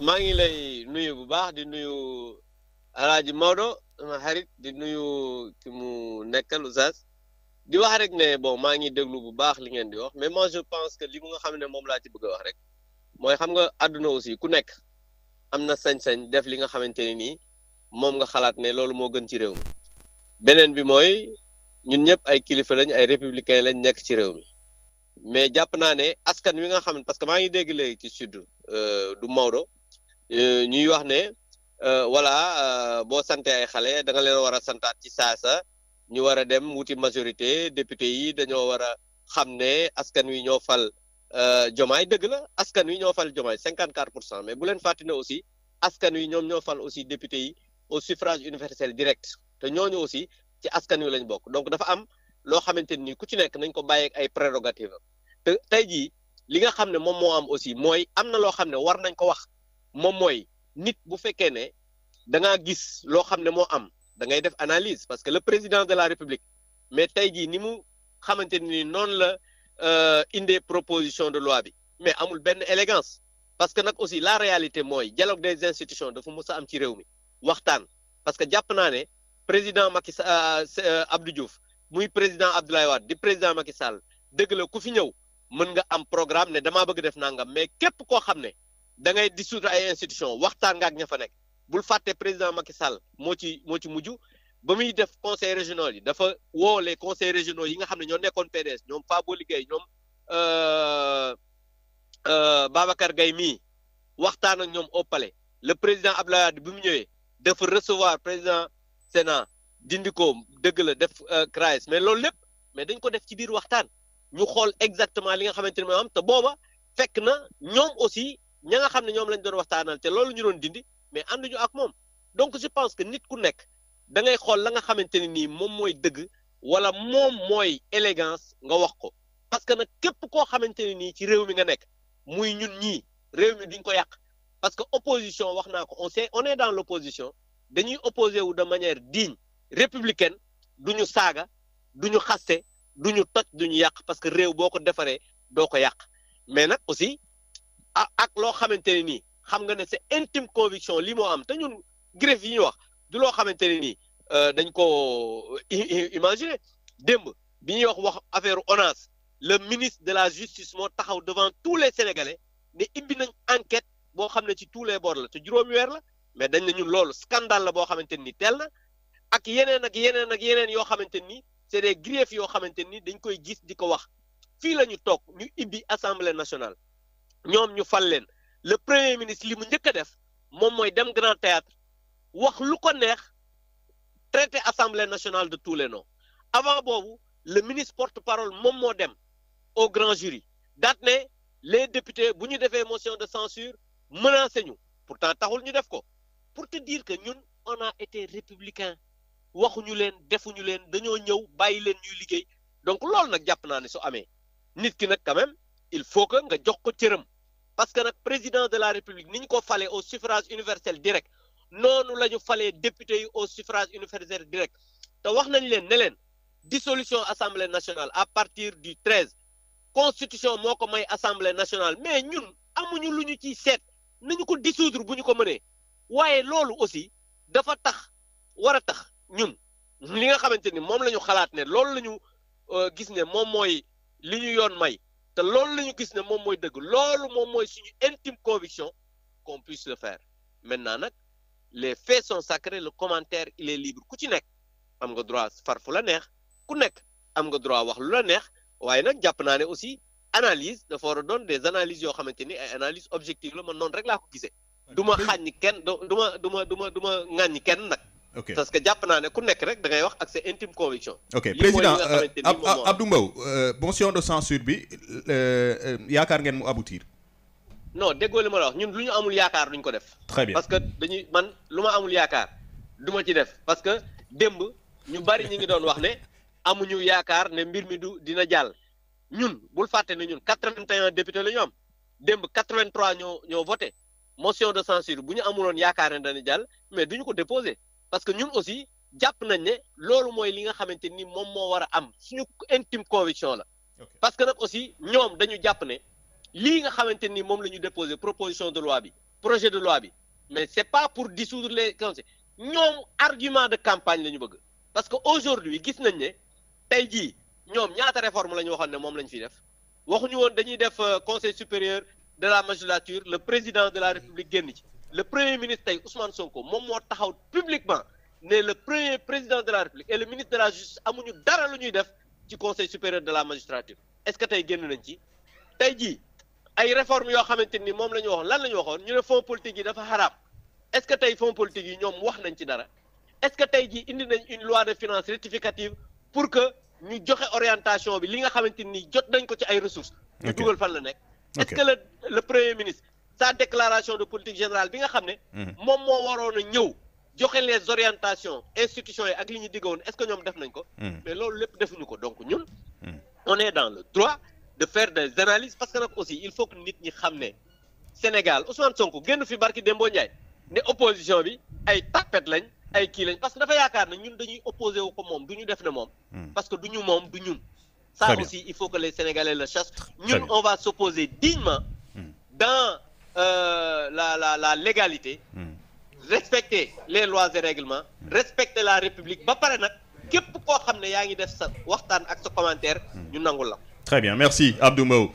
maa ngi lay nuyu bu baax di nuyu alaaji Maodo sama xarit di nuyu ki mu nekkal oustaz di wax rek ne bon maa ngi déglu bu baax li ngeen di wax mais moi je pense que mu nga xam ne moom laa ci bëgg a wax rek mooy xam nga àdduna aussi ku nekk am na sañ-sañ def li nga xamante ne nii moom nga xalaat ne loolu moo gën ci réew mi beneen bi mooy ñun ñëpp ay kilifa lañ ay républicain lañ nekk ci réew mi mais jàpp naa ne askan wi nga xam ne parce que maa ngi dégg léegi ci sud euh, du Maodo. Euh, ñuy wax ne euh, voilà euh, boo sante ay xale da nga leen war a santaat ci saasa ñu war a dem wuti majorité député yi dañoo war a xam ne askan wi ñoo fal jomaay dëgg la askan wi ñoo fal jomaay cinquante quatre pour cent mais bu leen fàttali aussi askan wi ñoom ñoo fal aussi député yi au suffrage universel direct te ñooñu aussi ci askan wi lañ bokk donc dafa am loo xamante ni ku ci nekk nañ ko bàyyeek ay prérogative am te tey jii li nga xam ne moom moo am aussi mooy am na loo xam ne war nañ ko wax moom mooy nit bu fekkee ne da ngaa gis loo xam ne moo am da ngay def analyse parce que le président de la république mais tey jii ni mu xamante ni noonu la euh, indee proposition de loi bi mais amul benn élégance parce que nag aussi la réalité mooy dialogue des institutions dafa mës a am ci réew mi waxtaan parce que jàpp naa ne président Macky euh, Abdou Diouf muy président Abdoulaye Wade di président Macky Sall dëgg la ku fi ñëw mën nga am programme ne damaa bëgg def nangam mais képp koo xam ne. da ngay dissoudre ay institution waxtaan nga ak ña fa nekk bul fàtte président Macky Sall moo ci moo ci mujj ba muy def conseil régional yi dafa woole les conseils yi nga xam ne ñoo nekkoon PDS ñoom Fabo liggéey ñoom euh, euh, Babacar gay mii waxtaan ak ñoom au palais le président Abdoulaye bi mu ñëwee dafa recevoir président Sénat dindi ko dëgg la def euh, CRAES mais loolu lépp mais dañ ko def ci biir waxtaan ñu xool exactement li nga xamante ne am te booba fekk na ñoom aussi ña nga xam ne ñoom lañ doon waxtaanal te loolu ñu doon dindi mais ànduñu ak moom donc je pense que nit ku nekk da ngay xool la nga xamante ne nii moom mooy dëgg wala moom mooy élégance nga wax ko parce que nag képp koo xamante ne nii ci réew mi nga nekk muy ñun ñii réew mi duñ ko yàq parce que opposition wax naa ko on sait on est dans l'opposition dañuy opposé wu de manière digne républicaine duñu saaga duñu xaste duñu toj duñu yàq parce que réew boo ko defaree doo ko yàq mais nag aussi ak loo xamante ne nii xam nga ne c'est intime conviction li moo am te ñun greffe yi ñuy wax du loo xamante ne nii euh, dañ ko euh, imaginer démb bi ñuy wax wax affaire ONAS la ministre de la justice moo taxaw devant tous les sénégalais ne ibbi nañ enquête boo xam ne ci tous les bords la te juróom weer la mais dañ ne ñun loolu scandale la boo xamante nii teel na ak yeneen ak yeneen ak yeneen yoo xamante ni c'est des griefs yoo xamante nii dañ koy gis di ko wax fii la ñu toog ñu ibbi assemblée nationale ñoom ñu fal leen le premier ministre li mu njëkk def moom mooy dem grand théâtre wax lu ko neex traité assemblée nationale de tous les noms avant boobu le ministre porte-parole moom moo dem au grand jury daat ne les députés bu ñu defee motion de censure menacé ñu pourtant taxul ñu def ko pour te dire que ñun on a été républicain waxuñu leen defuñu leen dañoo ñëw bàyyi leen ñuy liggéey donc loolu nag jàpp naa ne su amee nit ki nag quand il faut que nga jox ko cëram parce que nag président de la république ni ñu ko falee au suffrage universel direct noonu la ñu falee député yi au suffrage universel direct te wax nañ leen ne leen dissolution assemblée nationale à partir du 13 constitution moo ko may assemblée nationale mais ñun amuñu lu ñu ciy seet nañu ko dissoudre bu ñu ko mënee waaye loolu aussi dafa tax war a tax ñun li nga xamante ni moom la ñu xalaat ne loolu la ñu euh, gis ne moom mooy li ñu yoon may loolu la ñu gis ne moom mooy dëgg loolu moom mooy suñu intime conviction qu'on puisse le faire maintenant nag les faits sont sacrés le commentaire il est libre ku ci nekk am nga droit far fu la neex ku nekk am nga droit wax lu la neex waaye nag jàpp naa ne aussi analyse dafa war a doon des analyses yoo xamante ni ay analyse objective la man noonu rek laa ko gisee du ma xàññi kenn du ma du ma du ma du ma ŋàññi kenn nag ok parce que jàpp naa ne ku nekk rek da wax ak sa intime conviction. ok président euh, Abdou Mbow euh, motion de censure bi euh, yaakaar ngeen mu aboutir. non déggoo li ma la wax ñun lu ñu amul yaakaar duñ ko def. très bien parce que dañuy man lu ma amul yaakaar du ma ci def parce que démb ñu bari ñu ngi doon wax ne amuñu yaakaar ne mbir mi du dina jàll ñun bul fàtte ne ñun 81 député la ñu am démb 83 ñoo ñoo voté motion de censure bu ñu amuloon yaakaar ne dana mais duñu ko déposé. parce que ñun aussi jàpp nañ ne loolu mooy li nga xamante ni moom moo war a am suñu intime conviction la parce que nag aussi ñoom dañu jàpp ne lii nga xamante ni moom la ñu déposé proposition de loi bi projet de loi bi mais c'est pas pour dissoudre les conseils ñoom argument de campagne la ñu bëgg parce que aujourd'hui gis nañ ne tey jii ñoom ñaata réforme la ñu waxoon ne moom la ñu fiy def waxuñu woon dañuy def euh, conseil supérieur de la magistrature le président de la république génn ci le premier ministre tey Ousmane Sonko moom moo taxaw publiquement ne le premier président de la République et le ministre de la justice amuñu dara lu ñuy def ci conseil supérieur de la magistrature est-ce que tey génn nañ ci tey jii ay réformes yoo xamante ni moom la ñu waxoon lan la ñu waxoon ñu ne fonds politique yi dafa xaraam est-ce que tey fonds politique yi ñoom wax nañ ci dara est-ce que tey jii indi nañ une loi de finances rectificative pour que ñu joxe orientation bi li nga xamante ni jot nañ ko ci ay ressources. ñu fan la nekk. le le premier sa déclaration de politique générale bi nga xam ne. Hmm. moom moo waroon a ñëw joxe les orientations institutions yi ak li ñu diggoon est-ce que ñoom def nañ ko. Hmm. mais loolu lépp defuñu ko donc ñun. Hmm. on est dans le droit de faire des analyses parce que nag aussi il faut que nit ñi xam ne Sénégal Ousmane ko génn fi barki Dembo Ndiaye ne opposition bi ay tapet lañ ay kii lañ parce que dafa yaakaar ne ñun dañuy opposé wu ko moom du ñu def ne moom. parce que du ñu moom du ñun. ça aussi il faut que les Sénégalais le sachent. ñun on va s'opposer dignement euh, la la la légalité hmm. respecter les lois et règlements hmm. respecter la république ba pare nag képp koo xam ne yaa ngi def sa waxtaan ak sa commentaire hmm. ñu nangu la très bien merci Abdou